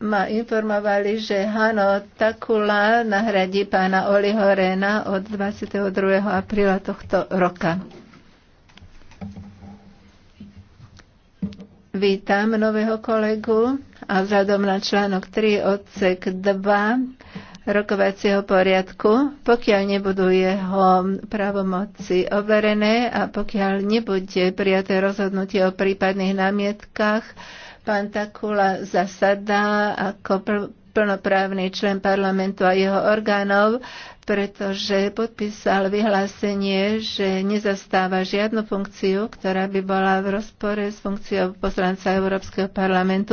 ma informovali, že Hano Takula nahradí pána Oliho Rena od 22. apríla tohto roka. Vítam nového kolegu a vzhľadom na článok 3 odsek 2 rokovacieho poriadku, pokiaľ nebudú jeho pravomoci overené a pokiaľ nebude prijaté rozhodnutie o prípadných námietkách, Pán Takula zasadá ako plnoprávny člen parlamentu a jeho orgánov, pretože podpísal vyhlásenie, že nezastáva žiadnu funkciu, ktorá by bola v rozpore s funkciou poslanca Európskeho parlamentu.